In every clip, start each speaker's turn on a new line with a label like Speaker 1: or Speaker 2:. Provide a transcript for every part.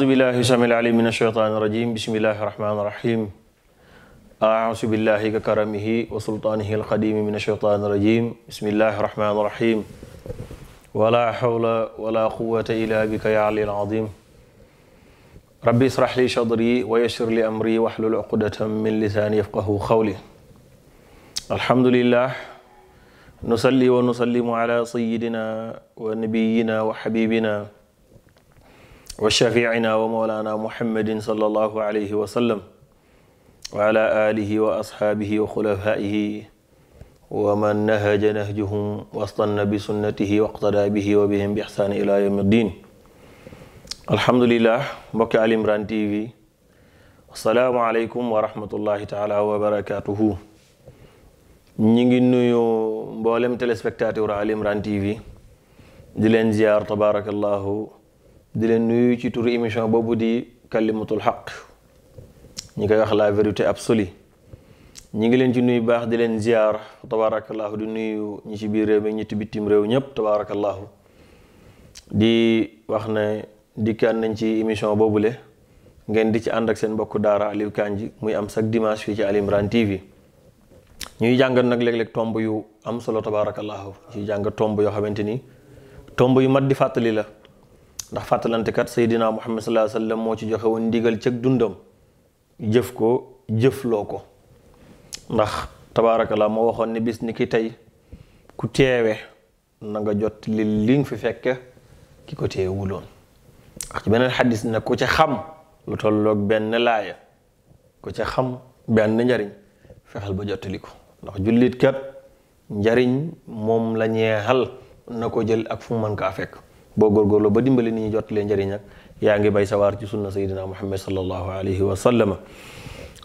Speaker 1: أعوذ بالله السميع العليم من الشيطان الرجيم بسم الله الرحمن الرحيم أعوذ بالله ككرمه وسلطانه القديم من الشيطان الرجيم بسم الله الرحمن الرحيم ولا حول ولا قوة إلا بك يا علي العظيم ربي اشرح لي صدري ويسر لي أمري واحلل عقدة من لساني يفقه قولي الحمد لله نصلي ونسلم على سيدنا ونبينا وحبيبنا وشفيعنا ومولانا محمد صلى الله عليه وسلم وعلى آله وأصحابه وخلفائه ومن نهج نهجهم واصطن بسنته واقتدى به وبهم بإحسان إلى يوم الدين الحمد لله mbokki Ali Imran TV asalaamualeykum wa rahmatullahi taala wa barakatuhu ñi ngi nuyu mboolem téléspectateur Ali Imran TV di leen ziyaar tabarakallahu di leen nuyu ci turu émission boobu di kalimatul xaq ñi koy wax la vérité absolue ñi ngi leen ci nuyu baax di leen ziar tabaarakallaahu di nuyu ñi ci biir réew mi ñi ci bitim réew ñëpp tabaarakallaahu di wax na dikkaan nañ ci émission le ngeen di ci ànd ak seen mbokku daara Aliou Kandji muy am chaque dimanche fii ci Ali Imran TV ñuy jàngat nag léeg-léeg tomb yu am solo tabaarakallaahu ci jàng tomb yoo xamante ni tomb yu mat di fàttali la ndax fàttalante kat Seydina Muhammad sallallahu alayhi wa sallam moo ci joxe woon ndigal cëg dundam jëf ko jëfloo ko ndax tabaarakalaa moo waxoon ni bis ni ki tey ku teewe na nga jot li li fi fekke ki ko teewuloon ak beneen xadis ne ku ci xam lu tolloog benn laaya ku ca xam benn njariñ fexeel ba jottali ko ndax jullit kat njariñ moom la ñeexal na ko jël ak fu mën kaa fekk boo góorgóorloo ba dimbali ni ñu jot lee njëriñ yaa ngi bay sawaar ci sunna sayyidina muhammad sallallahu alayhi wa sallam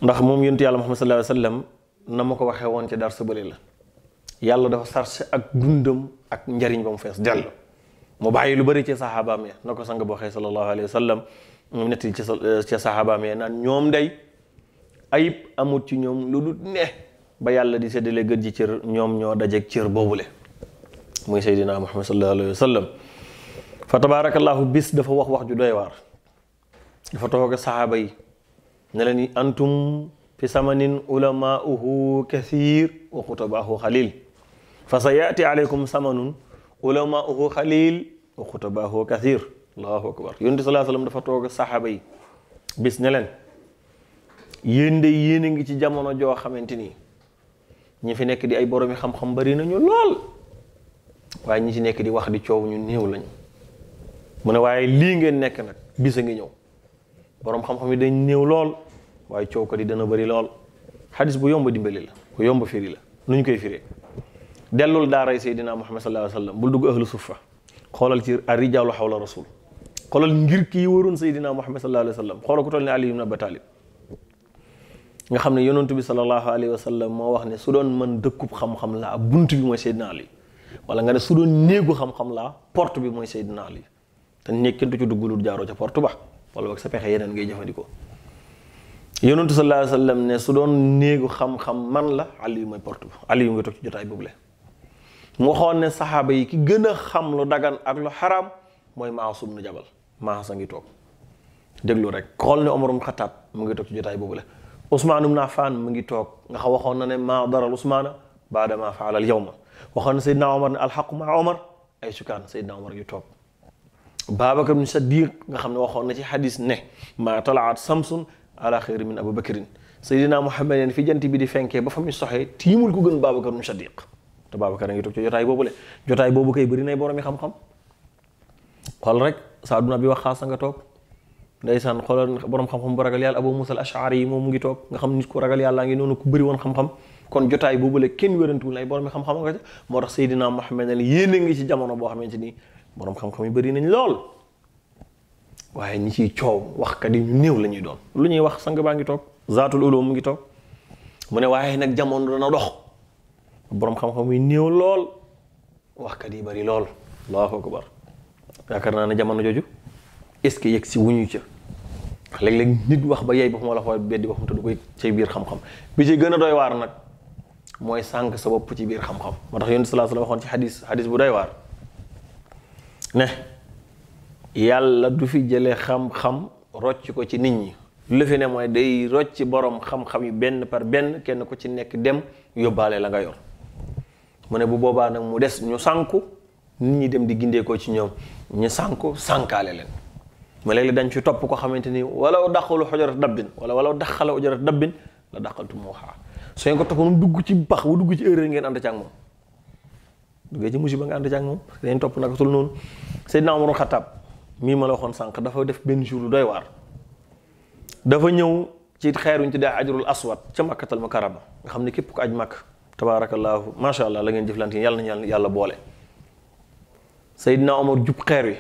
Speaker 1: ndax moom yonent yàlla muhammad sallallahu alayhi wa sallam na ma ko waxee woon ci dar sabali la yàlla dafa sarse ak dundam ak njariñ ba mu fees dell mu bàyyi lu bëri ci saxaabaam ya na ko sang boo xee sallallahu alayhi wa sallam mu netti ci ca saxaabaam ya naan ñoom day ayib amut ci ñoom lu dul ne ba yàlla di séddale gët ji cër ñoom ñoo dajeeg cër boobule muy sayyidina muhammad sallallahu alayhi fa tabaarakallaahu bis dafa wax wax ju doy waar dafa toog ak saxaaba yi ne leen antum fi samanin ulamaauhu kathir wa xutabaahu xalil fa sa yaati aleykum samanun ulamaauhu xalil wa xutabaahu kathir allahu akbar dafa toog ak bis ne leen yéen yéen a ngi ci jamono joo xamante ni ñi fi nekk di ay boromi xam-xam bari nañu lool waaye ñi ci nekk di wax di coow ñu néew lañu mu ne waaye lii ngeen nekk nag bis a ngi ñëw boroom xam-xam yi dañ néew lool waaye coow ko di dana bëri lool xadis bu yomb dimbali la bu yomb firi la nu ñu koy firee dellul daaray Seydina Muhammad sallallahu alayhi wa sallam bul dugg ahlu suffa xoolal ci ar-rijaalu xawla rasul xoolal ngir kii waroon Seydina Muhammad sallallahu alayhi wa sallam xoolal ku toll ne Ali ibn Abi Talib nga xam ne yonent bi sallallahu alayhi wa sallam moo wax ne su doon mën dëkkub xam-xam laa bunt bi mooy Seydina Ali wala nga ne su doon néegu xam-xam laa port bi mooy Seydina Ali te nekkin du ci dugg lu jaaroo ca porte ba wala ak sa pexe yeneen ngay jëfandikoo yonentu sallallahu alayhi ne su doon néegu xam-xam man la Aliyu mooy porte ba Aliyu nga toog mu waxoon ne saxaaba yi ki gën a xam lu dagan ak lu xaraam mooy Maasum nu Jabal Maas a ngi toog déglu rek xool ne Omar ibn Xattaab mu ngi toog ci jotaay boobule Ousmane ibn Affan mu ngi toog nga xam waxoon na ne maa daral Ousmaana baadama maa faala al yawma waxoon na Seydina Omar ne alxaqu maa Omar ay sukaan Seydina Omar ngi toog Babacar bin Saddiq nga xam ne waxoon na ci xadis ne maa talaat samsun ala xeyri min Abu Bakrin Seydina Muhammad neen fi jant bi di fenkee ba fa muy soxee tiimul ku gën Babacar bin Saddiq te Babacar a ngi toog ci jotaay boobu le jotaay boobu kay bëri nay boromi xam-xam xool rek Saadu Nabi Waqaas nga toog ndeysaan xoolal borom xam-xam bu ragal yàlla Abu Musa al-Ash'ari yi moom mu ngi toog nga xam nit ku ragal yàlla ngi noonu ku bëri woon xam-xam kon jotaay boobu le kenn wérantuwul ay borom xam-xam nga ca moo tax Seydina Muhammad ne yéene ngi ci jamono boo xamante ni boroom xam-xam yu bari nañ lool waaye ñi ciy coow waxkat yi ñu néew la ñuy doon lu ñuy wax sang baa ngi toog zaatul ulum mu ngi toog mu ne waaye nag jamono dana dox boroom xam-xam yu néew lool waxkat yi bari lool allahu akbar yaakaar naa ne jamono jooju est-ce que yegg si wuñu ca léeg-léeg nit wax ba yey boppam wala xool beddi boppam te du koy ci biir xam-xam bi ci gën a doy waar nag mooy sànq sa bopp ci biir xam-xam moo tax yonent sallallahu alayhi waxoon ci xadis xadis bu doy waar ne yàlla du fi jële xam-xam rocc ko ci nit ñi lu fi ne mooy day rocc borom xam-xam yi benn par benn kenn ku ci nekk dem yóbbaale la nga yor mu ne bu boobaa nag mu des ñu sànku nit ñi dem di gindeekoo ci ñoom ñu sànku sànkaale leen ma léeg-léeg dañ ci topp ko xamante ni walaw daxalu xujarat dabbin wala walaw daxala xujarat dabbin la daxaltu moo xaa soo ko topp moom dugg ci bax bu dugg ci erreur ngeen ànd ca ak moom duggee ci ba nga ànd ci ak moom parce que dañu topp naka sul noonu Seydina Umar Xattaab mii ma la waxoon sànq dafa def benn jour lu doy waar dafa ñëw ci xeeruñ ci daa ajrul aswad ca màkkatal mukarrama nga xam ne képp ko aj màkk tabaarakallaahu macha allah la ngeen jëflante yàlla nañu yàlla boole Seydina Umar jub xeer wi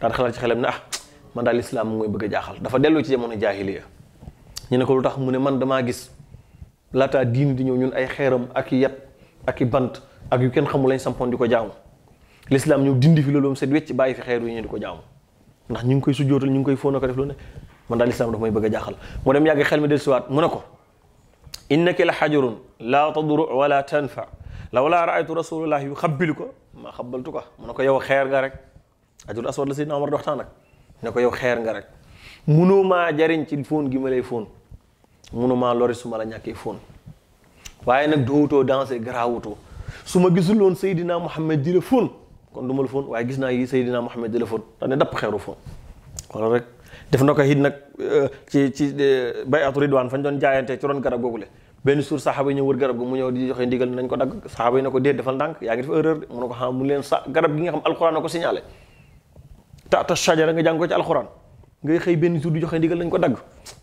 Speaker 1: daan xalaat ci xelam ne ah man daal islaam mooy bëgg a jaaxal dafa delloo ci jamono jaahiliya ñu ne ko lu tax mu ne man damaa gis laataa diin di ñëw ñun ay xeeram ak i yat ak i bant ak yu kenn xamul lañ sampoon di ko jaamu lislaam ñëw dindi fi loolu set wecc bàyyi fi xeer yi ñu di ko jaamu ndax ñu ngi koy sujjootal ñu ngi koy fóon ko def lu ne man daal lislaam dafa may bëgg a jaaxal mu dem yàgg xel mi dellusiwaat ne ko innaka la xajurun laa tadru wala tanfa lawlaa raaytu rasulullah yu xabbil ko maa xabbaltu ko mu ne ko yow xeer nga rek ajur aswad la sayyidina Umar doxtaan nag ne ko yow xeer nga rek munoo maa jariñ ci foon gi ma lay fóon munoo maa lori su ma la ñàkkee fóon waaye nag doowutoo danse garaawutoo su ma gisul woon Seydina Mouhamed di la fóon kon du ma la waaye gis naa yi Seydina Mouhamed di la fóon dax ne dapp xeeru fóon na ko it nag euh, ci ci euh, bayatu ridwaan fañ doon jaayante ci ron garab googule benn suur saxaaba yi ñëw wër garab gu mu ñëw di joxe nañ ko dagg saxaaba yi ko dee defal ndànk yaa ngi def erreur de mu ne ko xam ah, mu leen sa garab gi nga xam alxuraan na ko nga jàng ko ci alxuraan ngay xëy benn suur di joxe ndigal nañ ko dagg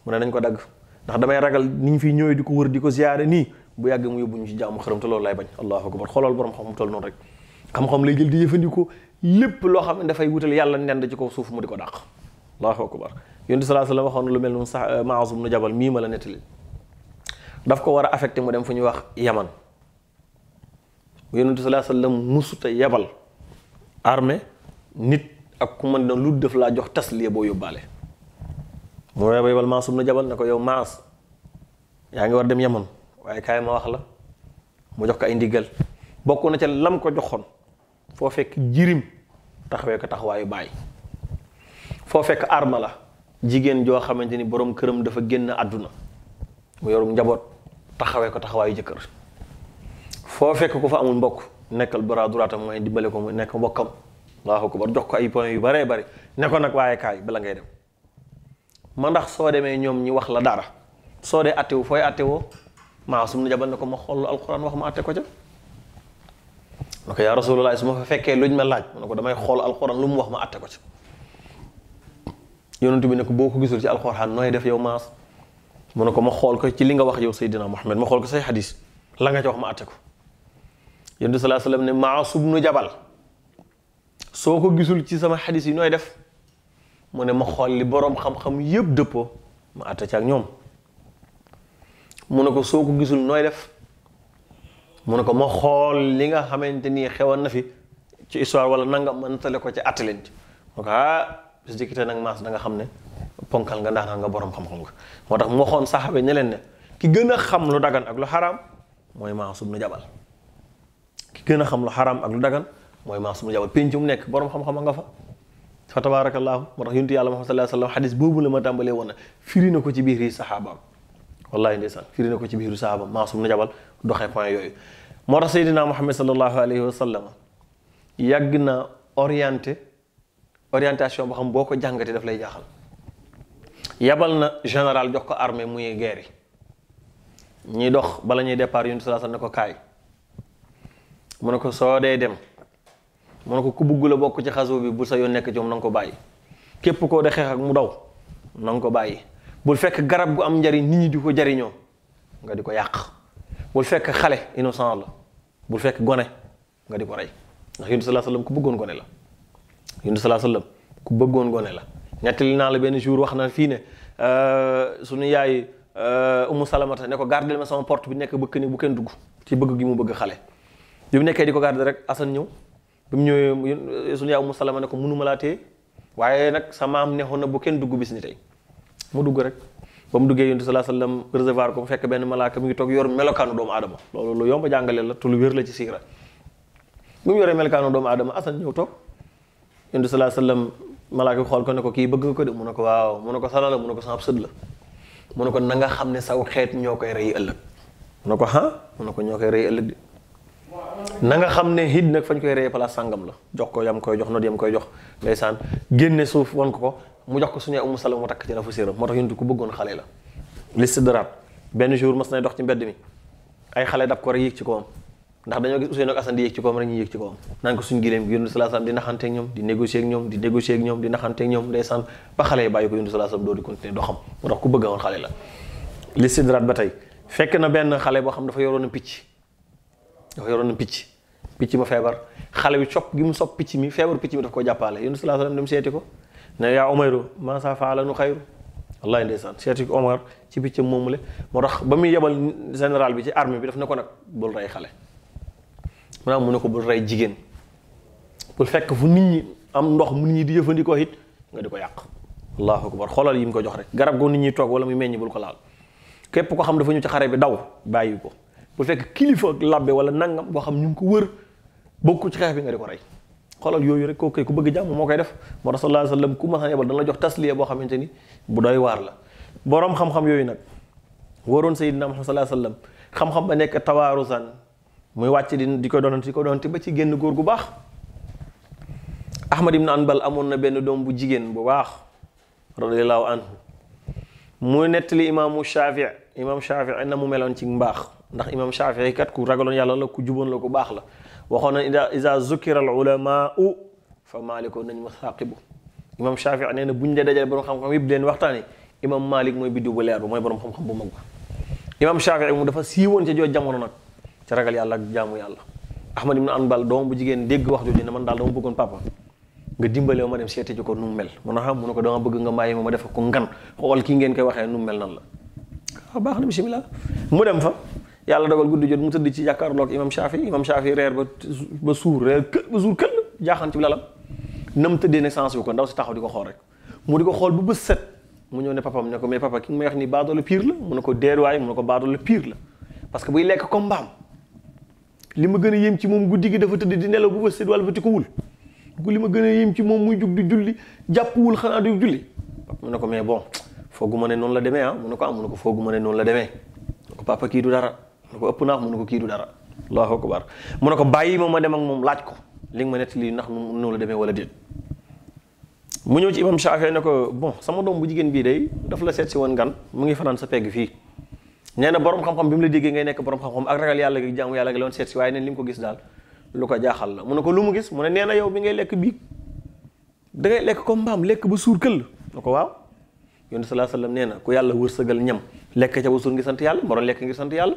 Speaker 1: mu ne nañ ko dagg ndax damay ragal ni ñu fiy ñëwee di ko wër di ko ziyaare nii bu yàggee mu yóbbu ñu ci jaamu xërëm te loolu lay bañ allahu akbar xoolal borom xam mu toll noonu rek xam-xam lay jël di jëfandikoo lépp loo xam ne dafay wutal yàlla nend ci ko suuf mu di ko dàq allahu akbar yonent sallallahu alayhi wa sallam waxoon lu mel noonu sa euh, Mu'aaz ibn Jabal mii ma la nettali daf ko war a affecté mu dem fu ñuy wax yaman yonent sallallahu alayhi wa sallam musuta yebal nit ak ku mën doon lu def laa jox tasliya boo yóbbaale mu yebal Mu'aaz ibn Jabal ne ko yow Mu'aaz yaa ngi war dem yaman waaye kaay ma wax la mu jox ko ay ndigal bokk na ca lam ko joxoon foo fekk jirim taxawee ko taxawaayu baay foo fekk arma la jigéen joo xamante ni boroom këram dafa génn àdduna mu yorum njaboot taxawee ko taxawaayu jëkkër foo fekk ko fa amul mbokk nekkal bara duraatam mooy dimbale ko mu nekk mbokkam ko akbar jox ko ay point yu baree bari ne ko nag waaye kaay bala ngay dem ma ndax soo demee ñoom ñi wax la dara soo dee attewu fooy attewoo maasum na jabal ne ko ma xool alquran wax ma àtte ko ca ne ko yaa rasulullah su ma fa fekkee luñ ma laaj mu ne ko damay xool alquran lu mu wax ma àtte ko ca yonent bi ne ko boo ko gisul ci alquran nooy def yow maas mu ne ko ma xool ko ci li nga wax yow Seydina Muhammad ma xool ko say la nga ca ma àtte ko yonent sallallahu alayhi wasallam ne maasum nu jabal soo ko gisul ci sama xadis yi nooy def mu ne ma xool li boroom xam-xam yépp dëppoo ma àtte ca ak ñoom mu ne ko soo ko gisul nooy def mu ne ko ma xool li nga xamante ni xewoon na fi ci histoire wala nanga ma nattale ko ci àtte leen ci ah, nag maas da xam ne ponkal nga ndaanaan nga borom xam moo tax mu waxoon saxaabe ne leen ne ki gën a xam lu dagan ak lu xaraam mooy Maas ibnu Jabal ki gën a xam lu xaraam ak lu dagan mooy Maas ibnu Jabal penc mu nekk borom xam-xam nga fa fa tabaarakallaahu moo tax yonent yàlla Muhammad sallallaahu alayhi wa sallam xadis boobu la ma tàmbalee woon firi na ko ci biir yi saxaabaam wallahi ndeysaan firi na ko ci biiru saaba maasum na jabal doxee point yooyu moo tax seydina muhammad sallallahu alayhi wa sallam yàgg na orienté orientation boo xam boo ko jàngatee daf lay jaaxal yabal na général jox ko armée muy guerre yi ñuy dox bala ñuy départ yunus sallallahu alayhi wa sallam ne ko kaay mu ne ko soo dee dem mu ne ko ku bugg la bokk ci xaso bi bu sa yoon nekk ci moom na nga ko bàyyi képp koo de xeex ak mu daw nang ko bàyyi bul fekk garab gu am njariñ nit ñi di ko jariñoo nga di ko yàq bul fekk xale innocent la bul fekk gone nga di ko rey ndax yunus salaa sallam ku bëggoon gone la yunus salaa sallam ku bëggoon gone la nettali naa la benn jour wax na fii ne euh, suñu yaay umu euh, salamata ne ko gardel ma sama porte bi nekk bëkk ni bu kenn dugg ci bëgg gi mu bëgg xale bi mu nekkee di ko garder rek asan ñëw bi mu ñëwee suñu yaay umu salama ne ko mënuma laa téye waaye nag sa maam neexoon na bu kenn dugg bis ni tey mu dugg rek ba mu duggee yonent bi sallallahu alayhi wasallam ko mu fekk benn malaaka mu ngi toog yor melokaanu doomu aadama loolu lu yomb a jàngale la te lu wér la ci siira mu mu yoree melokaanu doomu adama asan ñëw toog yonent bi sallallahu alayhi wasallam malaaka bi xool ko ne ko kii bëgg nga ko de mu ne ko waaw mu ne ko sala la mu ne ko sama sët la mu ne ko na nga xam ne saw xeet ñoo koy rey ëllëg mu ne ko ah mu ne ko ñoo koy rey ëllëg de na nga xam ne hit nag fañ koy rey place sàngam la jox ko yam koy jox noot yam koy jox ndeysaan génne suuf won ko ko mu jox ko suñu Umu Salama mu takk ci rafu séeram moo tax yonent ku bëggoon xale la l'istidraab benn jour mas nay dox ci mbedd mi ay xale dab ko rek yéeg ci kawam ndax dañoo gis Ousseynou ak Assane di yéeg ci kawam rek ñu yéeg ci kawam naan ko suñu giléem gi yonent sallallahu alayhi wasallam di naxante ak ñoom di négocier ak ñoom di négocier ak ñoom di naxante ak ñoom ndeysaan ba xale yi bàyyi ko yonent sallallahu alayhi doo di continuer doxam moo tax ku bëgg woon xale la l'istidraab ba tey fekk na benn xale boo xam dafa yoroon a picc dafa yoroon picc picc ma feebar xale bi sopp gi mu sopp picc mi feebar picc mi daf koo jàppaale yonent sallallahu ko ne yaa Umayru maa saa faala nu xayru wallaahi ndeysaan seeti Omar ci piccam moomule moo tax ba muy yebal général bi ci armée bi daf ne ko nag bul rey xale maanaam mu ne ko bul rey jigéen bul fekk fu nit ñi am ndox mu nit ñi di jëfandikoo it nga di ko yàq allahu akbar xoolal yi mu ko jox rek garab goo nit ñi toog wala mu meññ bul ko laal képp ko xam dafa ñu ci xare bi daw bàyyi ko bul fekk kilifa ak labbe wala nangam boo xam ñu ngi ko wër bokku ci xeex bi nga di ko rey xoolal yooyu rek kooku ku bëgg jàmm moo koy def moo tax sallallahu alayhi wa sallam ku ma yebal dana la jox tasliya boo xamante ni bu dooy waar la boroom xam-xam yooyu nag waroon sayyidina Muhammad sallallahu alayhi wa sallam xam-xam ba nekk san muy wàcc di di ko doonante di ko doonante ba ci génn góor gu baax Ahmad ibn Anbal amoon na benn doom bu jigéen bu baax radiyallahu anhu mu nettali imaamu Shafii imaam Shafii na mu meloon ci mbaax ndax imaam Shafii kat ku ragaloon yàlla la ku juboon la ku baax la waxoon na ida isa zukira al ulama u fa maaliko nañ ma saqibu imam Shafii nee na buñ dee dajale borom xam-xam yëpp di leen waxtaane imam Malik mooy biddiw bu leer ba mooy borom xam-xam bu mag ba imam Shafii mu dafa siiwoon ca jooju jamono nag ca ragal yàlla ak jaamu yàlla Ahmad ibn Anbal doom bu jigéen dégg wax jooju ne man daal dama bëggoon papa dimbale ma dem seete ji ko nu mu mel mun a xam mu ko dama bëgg nga ma ma def ko ngan xool kii ngeen waxee mel nan la waaw ah, baax na mu dem fa yàlla dogal guddi jot mu tëdd ci jàkkaarloog imam Shafi imam Shafi reer ba ba suur reer kë ba suur këll jaaxaan ci lalam nam tëddee ne sens ko ndaw si taxaw di ko xool rek mu di ko xool bu bës set mu ñëw ne papam ne ko mais papa ki nga may ni baadoolo pire la mu ne ko deeruwaay mu ne ko baadoolo pire la parce que lekk comme mbaam li ma gën a ci moom guddi gi dafa tëdd di nelaw bu bës set wala ba li ma gën a yéem ci moom muy jug di julli jàppuwul xanaa di julli mu ne ko mais bon fooguma ne noonu la demee ah mu ko ah mu ne ko fooguma ne noonu demee kii du dara ne ko ëpp naax mu ne ko kii du dara allahu akbar mu ne ko bàyyi ma ma dem ak moom laaj ko li nga ma nett lii ndax nu la demee wala déet mu ñëw ci imam Shaafi ne ko bon sama doom bu jigéen bii day daf la seet si woon ngan mu ngi fanaan sa pegg fii nee na borom xam-xam bi mu la déggee ngay nekk borom xam-xam ak ragal yàlla gi jaamu yàlla gi la woon seet si waaye neen li mu ko gis daal lu ko jaaxal la mu ne ko lu mu gis mu ne nee na yow bi ngay lekk biig da ngay lekk ko mbaam lekk ba suur këll na ko waaw yonent sallallahu alayhi wasallam nee na ku yàlla wërsëgal ñam lekk ca ba suur ngi sant yàlla moroom lekk ngir sant yàlla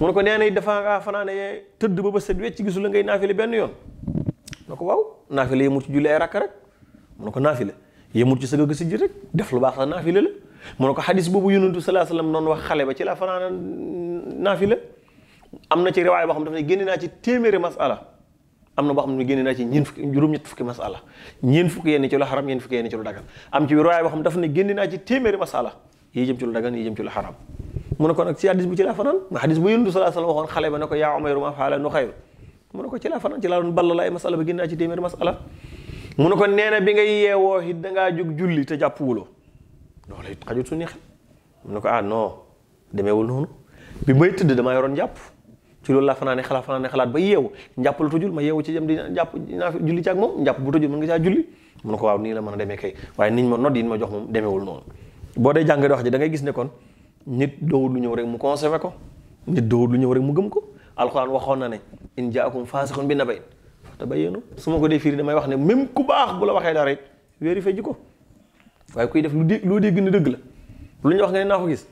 Speaker 1: mu ne ko nee na dafa ngaa fanaane tëdd ba ba set wecc gisu la ngay naafile benn yoon na ko waaw naafile yemul ci julli ay rakk rek mu ne ko naafile yemul ci sëgg si ji rek def lu baax la naafile la mu ne ko xadis boobu yonentu salaa salaam noonu wax xale ba ci laa fanaana naafile am na ci riwaay boo xam dafa ne génne naa ci téeméeri masala am na boo xam ne génne ci ñeen fukki juróom-ñett fukki masala ñeen fukki yenn ci lu xaram ñeen fukki yenn ci lu dagan am ci riwaay boo xam dafa ci téeméeri masala yi jëm ci lu dagan yi jëm ci lu xaram mu ne ko nag ci hadis bi ci laa fanaan nga hadis bu yëndu salaa sallam waxoon xale ba ne ko yaa umayru ma faala nu xayru mu ne ko ci laa fanaan ci laa doon ball laay masala ba mu ne ko nee na bi nga yeewoo it dangaa jóg julli te jàpp wuloo loolu it xajut suñu xel ko ah non demeewul noonu bi may tëdd damaa yoroon jàpp ci loolu laa fanaane xalaat fanaane xalaat ba yeewu njàpp la tujul ma yeewu ci jëm di jàpp naa julli ci ak moom njàpp bu tujul mën nga caa julli mu ne ko waaw nii la mën a demee kay waaye niñ ma nodd yi ma jox moom demeewul noonu boo dee jàng wax ji da ngay gis ne nit dowul lu ñëw rek mu conservé ko nit dowul lu ñëw rek mu gëm ko alxuraan waxoon na ne in jaakum faasiqun bi ba fatabayyanu su ma ko dee firi damay wax ne même ku baax bu la waxee dara rek vérifié ji ko waaye kuy def lu di loo dégg ne dëgg la lu ñu wax nga ne naa ko gis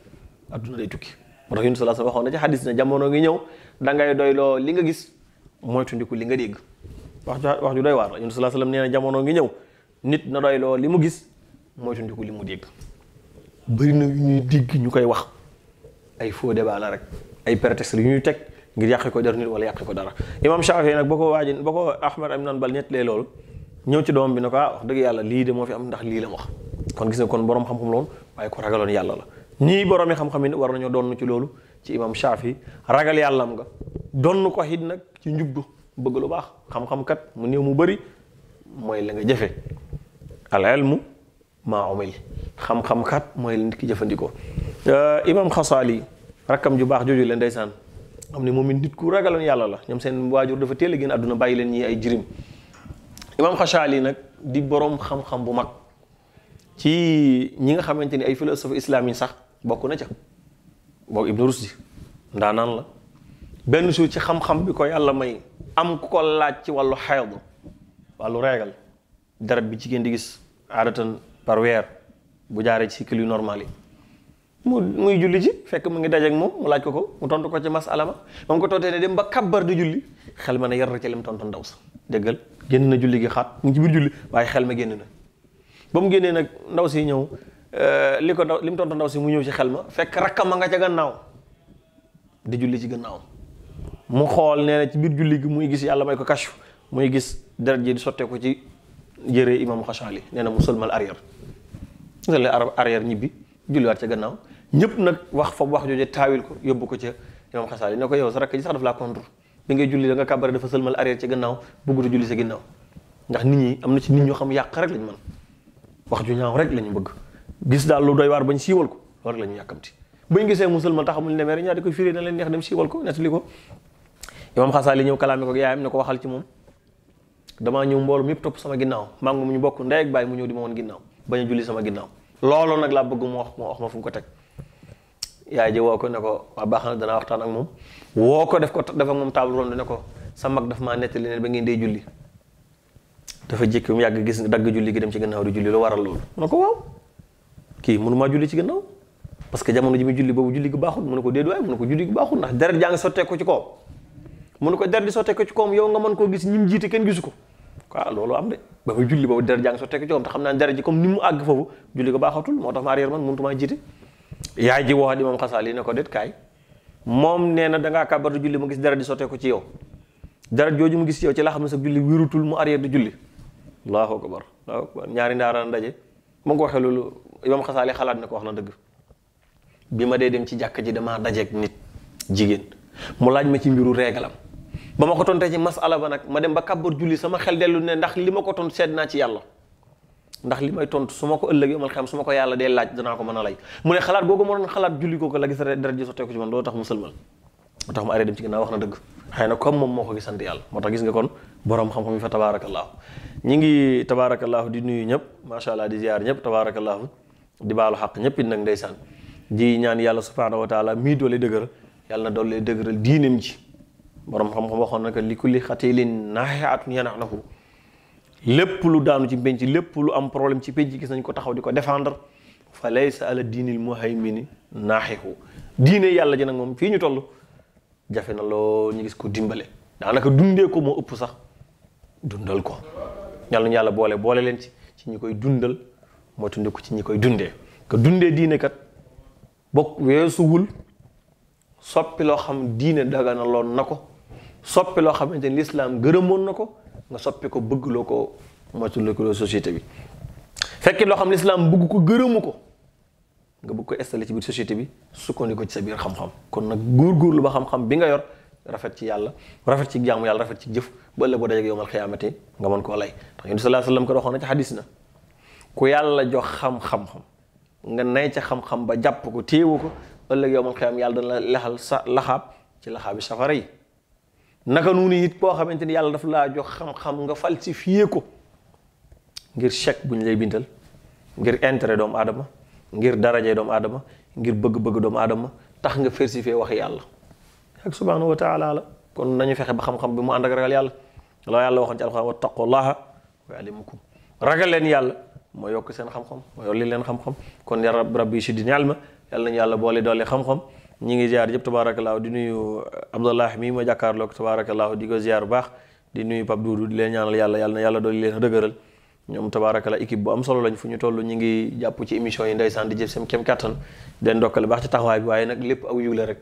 Speaker 1: adduna day tukki ma tax Yunus sallallahu alayhi waxoon na ci xadis na jamono ngi ñëw dangay ngay doyloo li nga gis moytu ku li nga dégg wax ju wax ju doy waar la Yunus sallallahu alayhi wasallam nee jamono ngi ñëw nit na doyloo li mu gis moytu ndiku li mu dégg bëri na yu ñuy digg ñu koy wax ay faux débat la rek ay prétexte yu ñuy teg ngir yàqi ko dara nit wala yàqi ko dara imam Shafi nag ba ko waajin ba ko Ahmad am naan bal ñettalee loolu ñëw ci doom bi ne ko ah wax dëgg yàlla lii de moo fi am ndax lii la wax kon gis nga kon boroom xam-xam loon waaye ko ragaloon yàlla la ñii borom yi xam-xam yi war nañoo doon ci loolu ci imam Shafi ragal yàllam nga doon ko xit nag ci njubdu bëgg lu baax xam mu néew mu bëri mooy la nga jëfe maa umil xam-xam kat mooy la nit ki jëfandikoo. Euh, imam Xasaali rakkam ju baax jooju leen ndeysaan xam ne moom it nit ku ragaloon yàlla la ñoom seen waajur dafa teel a génn àdduna bàyyi leen ñi ay jirim imam Xasaali nag di boroom xam-xam bu mag ci ñi nga xamante ni ay philosophe islam yi sax bokk na ca boobu Ibn Rusdi ndaanaan la benn suur ci xam-xam bi ko yàlla may am ku ko laaj ci wàllu xaydu wàllu reegal deret bi jigéen di gis aadatan par weer bu jaaree ci cycle yu normal yi mu muy julli ji fekk mu ngi dajeek moom mu laaj ko ko mu tontu ko ci masala ma ba mu ko tontee ne dem ba kabbar di julli xel ma ne yar na ci lim tontu ndaw sa déggal génn na julli gi xaat mu ngi ci waaye xel ma génn na mu génnee nag ndaw si ñëw euh, li ko ndaw li mu tontu ndaw si mu ñëw ci xel ma fekk rakkam ma nga ca gannaaw di julli ci gannaaw mu xool nee na ci biir julli gi muy gis yàlla may ko kachu muy gis deret ji di sottee ko ci jëree imam Xasaali nee na mu sëlmal arrière su nga leen arrière ñibbi julliwaat wax fa wax jooje taawil ko yóbbu ko ca imam xasaali ne ko yow sa rakk ji sax daf laa contre bi ngay julli da nga kàbbare dafa sëlmal arrière ca gannaaw ñoo xam yàq rek lañ mën wax ju ñaaw rek lañu bëgg gis daal lu doy waar bañ siiwal ko loolu rek lañu yàkkamti bañ gisee mu sëlmal taxamul demee rek ñaa di ko firé na leen neex dem siiwal ko nettali ko imam xasaali ñëw kalaame ko yaayam ne ko waxal ci moom damaa ñëw mboolum yëpp topp sama ginnaaw maa ngi ñu bokk ndey ak baay mu ñëw di ma woon ginnaaw bañ a julli sama ginnaaw loolu nag laa bëgg mu wax mu wax ma fu ko teg yaay ji woo ko ne ko waa baax na danaa waxtaan ak moom woo ko def ko def ak moom table ronde ne ko sa mag daf maa nettali ne ba ngeen dee julli dafa jékki mu yàgg gis dagg julli gi dem ci gannaaw di julli lu waral loolu mu ne ko waaw kii mënumaa julli ci gannaaw parce que jamono ji mu julli boobu julli gu baaxul mu ne ko déedwaay mu ne ko julli gu baaxul ndax deret jaa ngi sottee ko ci kaw mu ne ko deret di sottee ko yow nga mën koo gis ñim jiite kenn gisu ko waaw loolu am de ba fa julli boobu dara jàng so tekk joom te xam naa dara ji comme ni mu àgg foofu julli ko baaxatul moo tax ma réer man mënutuma jiite yaay ji waxat imam xasaali ne ko déet kaay moom nee na dangaa kàbbatu julli mu gis dara di sottee ko ci yow dara jooju mu gis ci yow ci laa xam ne sa julli wérutul mu arrière di julli allahu akbar allahu akbar ñaari ndaaraan ndaje ma ko waxee loolu imam xasaali xalaat ne ko wax na dëgg bi ma dee dem ci jàkk ji damaa dajeeg nit jigéen mu laaj ma ci mbiru régalam ba ma ko tontee ci masala ba nag ma dem ba kàbbar julli sama xel dellu ne ndax li ma ko tont seet naa ci yàlla ndax li may tontu su ma ko ëllëgee mal xam su ma ko yàlla dee laaj danaa ko mën a lay mu ne xalaat googu ma doon xalaat julli kooku la gis dara ji sottee ko ci man loolu tax mu sëlmal moo tax mu arrêté dem ci ginnaaw wax na dëgg xëy na comme moom moo ko gis sant yàlla moo tax gis nga kon borom xam-xam yi fa tabaarakallaahu ñi ngi tabaarakallaahu di nuyu ñëpp macha allah di ziar ñëpp tabaarakallaahu di baalu xaq ñëpp it nag ndeysaan di ñaan yàlla subhaanahu wa taala mii doole dëgëral yàlla na doole dëgëral diineem ji borom xam-xam waxoon na que li kulli xatilin naaxiatun yanaxnahu lépp lu daanu ci penc lépp lu am problème ci penc gis nañ ko taxaw di ko défendre fa laysa ala diinil muhaymini naaxihu diine yàlla ji nag moom fii ñu toll jafe na loo ñu gis ko dimbale daanaka dundee ko moo ëpp sax dundal ko yàlla ñu yàlla boole boole leen ci ci ñu koy dundal moo tundi ko ci ñi koy dundee que dundee diine kat bokk weesuwul soppi loo xam diine dagana loon na ko soppi loo xamante ni lislaam gërëmoon na ko nga soppi ko bëgg ko moytu loo ko société bi fekki loo xam lislaam bëgg ko gërëmu ko nga bëgg ko ci biir société bi sukkandiku ci sa biir xam-xam kon nag góorgóorlu ba xam-xam bi nga yor rafet ci yàlla rafet ci jaamu yàlla rafet ci jëf ba ëllëg boo dajeg yowmal xiyaamati nga mën koo lay ndax yonent sallallahu alayhi ko waxoon na ci na ku yàlla jox xam nga nay ca xam ba jàpp ko téewu ko ëllëg yowmal xiyaam yàlla da la lexal sa laxaab ci laxaabi safara yi naka nuunu it koo xamante ni yàlla daf laa jox xam nga falsifié ko ngir chèque bu ñu lay bindal ngir intérêt doomu aadama ngir daraje doomu aadama ngir bëgg-bëgg doomu aadama tax nga falsifié wax yàlla ak subhanahu wa taala la kon nañu fexe ba xam-xam bi mu ànd ak ragal yàlla loo yàlla waxoon ci alxuraan wattaqullaha wa ya'lamukum ragal leen yàlla moo yokk seen xam-xam moo yolli leen xam-xam kon ya rabbi zidni ilma yàlla nañu yàlla boole doole xam-xam ñi ngi ziar yëpp tabaarakallaahu di nuyu eh, Abdallah mii ma jàkkaarloog tabaarakallaahu di ko ziar bu baax di nuyu Pape Doudou di leen ñaanal yàlla yàlla na yàlla doon leen dëgëral ñoom tabaarakallaahu équipe bu am solo lañ fu ñu toll ñu ngi jàpp ci émission yi ndeysaan di jëf seen kem kattan den dokkale baax ci taxawaay bi waaye nag lépp aw yiw la rek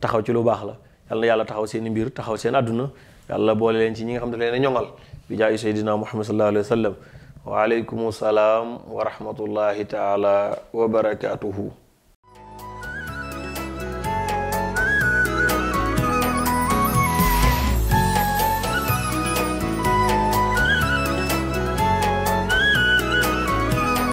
Speaker 1: taxaw ci lu baax la yàlla yàlla taxaw seen mbir taxaw seen àdduna yàlla boole leen ci ñi nga xam ne leen a ñoŋal bi jaay Seydina Muhammad sallallahu alayhi wa sallam waaleykum salaam wa rahmatullahi taala wa barakatuhu